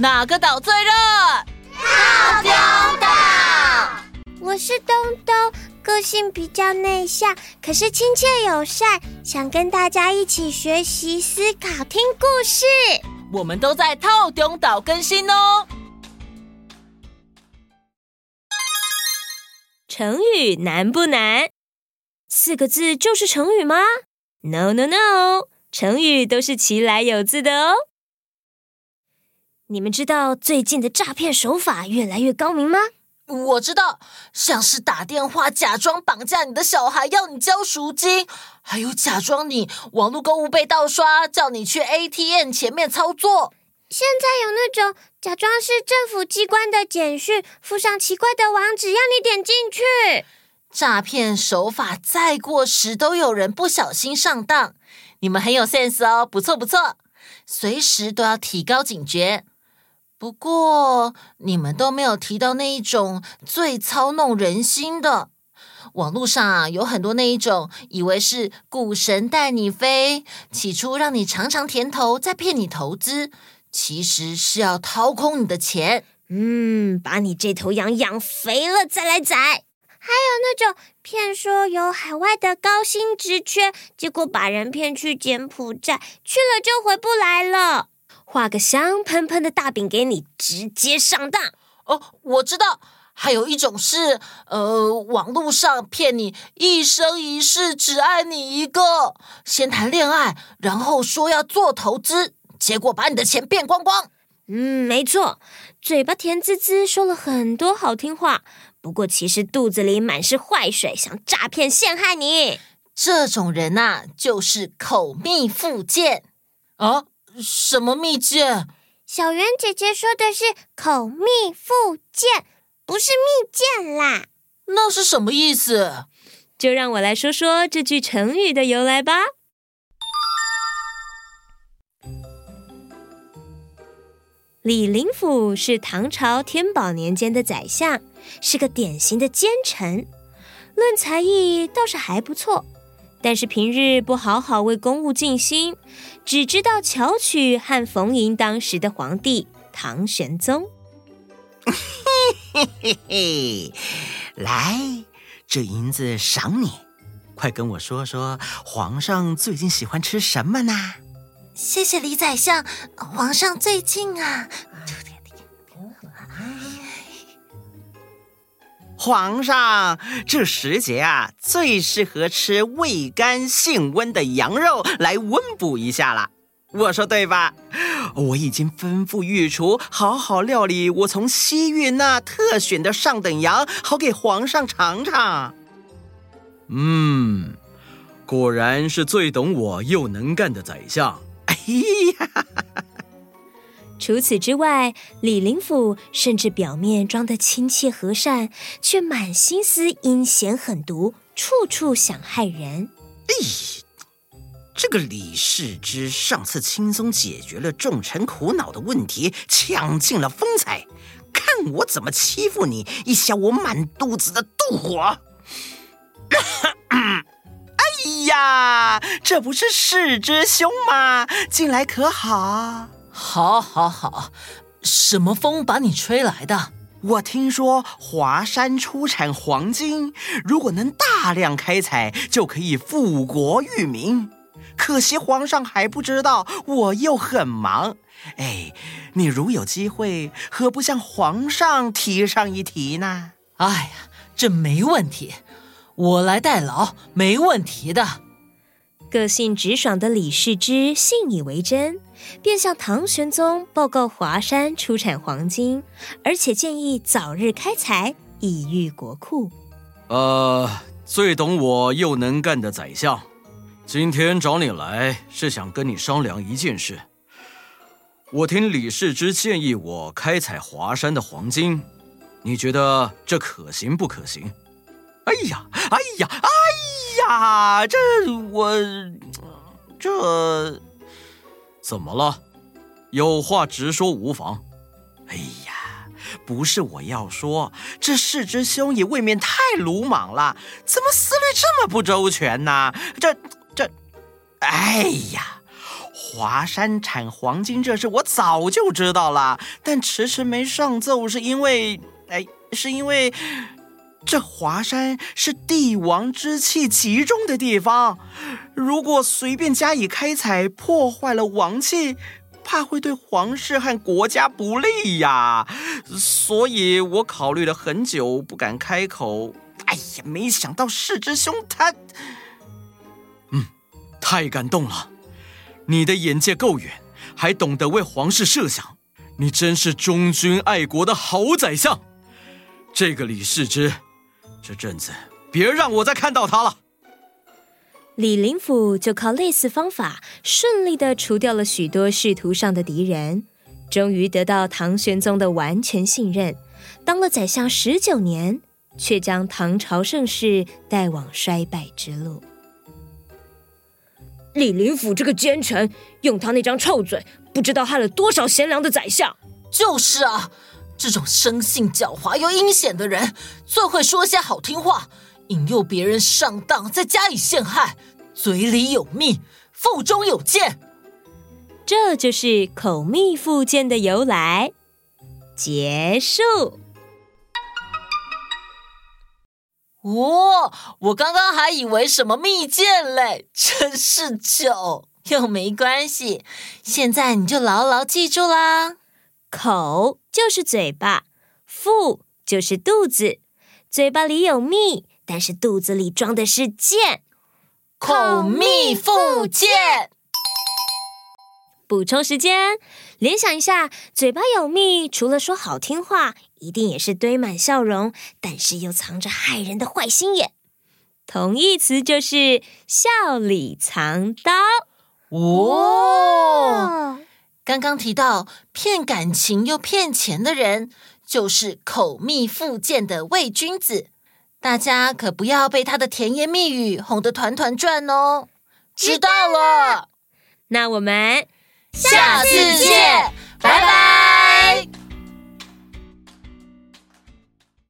哪個島最熱？透中島。我是東東，個性比較內向，可是親切友善，想跟大家一起學習、思考、聽故事。我們都在透中島更新哦。成語難不難？四個字就是成語嗎？No，No，No。No, no, no, 成語都是其來有自的哦。你們知道最近的詐騙手法越來越高明嗎？我知道，像是打電話假裝綁架你的小孩要你交贖金，還有假裝你網絡購物被盜刷叫你去 ATM 前面操作。現在有那種假裝是政府機關的簡訊，附上奇怪的網址，讓你點進去。詐騙手法再過時都有人不小心上當。你們很有 sense 哦，不錯不錯，隨時都要提高警覺。不過，你們都沒有提到那一種最操弄人心的。網絡上啊，有很多那一種以為是股神帶你飛，起初讓你嘗嘗甜頭，再騙你投資，其實是要掏空你的錢。嗯，把你這頭羊養肥了再來宰。還有那種騙說有海外的高薪職缺，結果把人騙去柬埔寨，去了就回不來了。畫個香噴噴的大餅給你，直接上當。哦，我知道，還有一種是，呃，網絡上騙你一生一世只愛你一個，先談戀愛，然後說要做投資，結果把你的錢變光光。嗯，沒錯，嘴巴甜滋滋說了很多好聽話，不過其實肚子裡滿是壞水，想詐騙陷害你。這種人吶，啊，就是口蜜腹劍啊。哦什麼蜜餞？小圓姐姐說的是“口蜜腹劍”，不是蜜餞啦。那是什麼意思？就讓我來說說這句成語的由來吧。李林甫是唐朝天寶年間的宰相，是個典型的奸臣。論才藝倒是還不錯。但是平日不好好為公務盡心，只知道巧取和逢迎當時的皇帝唐玄宗。嘿嘿嘿嘿，來，這銀子賞你，快跟我說說皇上最近喜歡吃什麼呢？謝謝李宰相，皇上最近啊。皇上，這時節啊，最適合吃味甘性溫的羊肉來溫補一下了。我說對吧？我已經吩咐御廚好好料理我從西域那、啊、特選的上等羊，好給皇上嚐嚐。嗯，果然是最懂我又能幹的宰相。哎呀！除此之外，李林甫甚至表面裝得親切和善，卻滿心思陰險狠，狠毒，處處想害人。哎，這個李世之上次輕鬆解決了眾臣苦惱的問題，搶盡了風采。看我怎麼欺負你，一下我滿肚子的妒火。 哎呀，這不是世之兄嗎？近來可好？好，好，好，什麼風把你吹來的？我聽說華山出產黃金，如果能大量開採，就可以富國裕民。可惜皇上還不知道，我又很忙。哎，你如有機會，何不向皇上提上一提呢？哎呀，這沒問題，我來代勞，沒問題的。個性直爽的李適之信以為真，便向唐玄宗報告華山出產黃金，而且建議早日開採以裕國庫。呃，最懂我又能幹的宰相，今天找你來是想跟你商量一件事。我聽李適之建議，我開採華山的黃金，你覺得這可行不可行？哎呀，哎呀啊！呀，這我這怎麼了？有話直說無妨。哎呀，不是我要說，這適之兄也未免太魯莽了，怎麼思慮這麼不周全呢？這這，哎呀，華山產黃金這事我早就知道了，但遲遲沒上奏，是因為，哎，是因為。這華山是帝王之氣集中的地方，如果隨便加以開採，破壞了王氣，怕會對皇室和國家不利呀。所以我考慮了很久，不敢開口。哎呀，沒想到適之兄他……嗯，太感動了，你的眼界夠遠，還懂得為皇室設想，你真是忠君愛國的好宰相。這個李適之。這陣子別讓我再看到他了！李林甫就靠類似方法順利的除掉了許多仕途上的敵人，終於得到唐玄宗的完全信任，當了宰相十九年，卻將唐朝盛世帶往衰敗之路。李林甫這個奸臣，用他那張臭嘴，不知道害了多少賢良的宰相。就是啊。這種生性狡猾又陰險的人，最會說些好聽話，引誘別人上當，再加以陷害，嘴裡有蜜，腹中有劍，這就是口蜜腹劍的由來。結束。哇、哦，我剛剛還以為什麼蜜劍嘞，真是糗。又沒關係，現在你就牢牢記住啦，口。就是嘴巴，腹就是肚子，嘴巴裡有蜜，但是肚子裡裝的是劍，口蜜腹劍。補充時間，聯想一下，嘴巴有蜜，除了說好聽話，一定也是堆滿笑容，但是又藏着害人的壞心眼。同義詞就是笑裡藏刀。哦。哦。剛剛提到騙感情又騙錢的人，就是口蜜腹劍的偽君子。大家可不要被他的甜言蜜語哄得團團轉哦！知道了，那我們下次見，拜拜。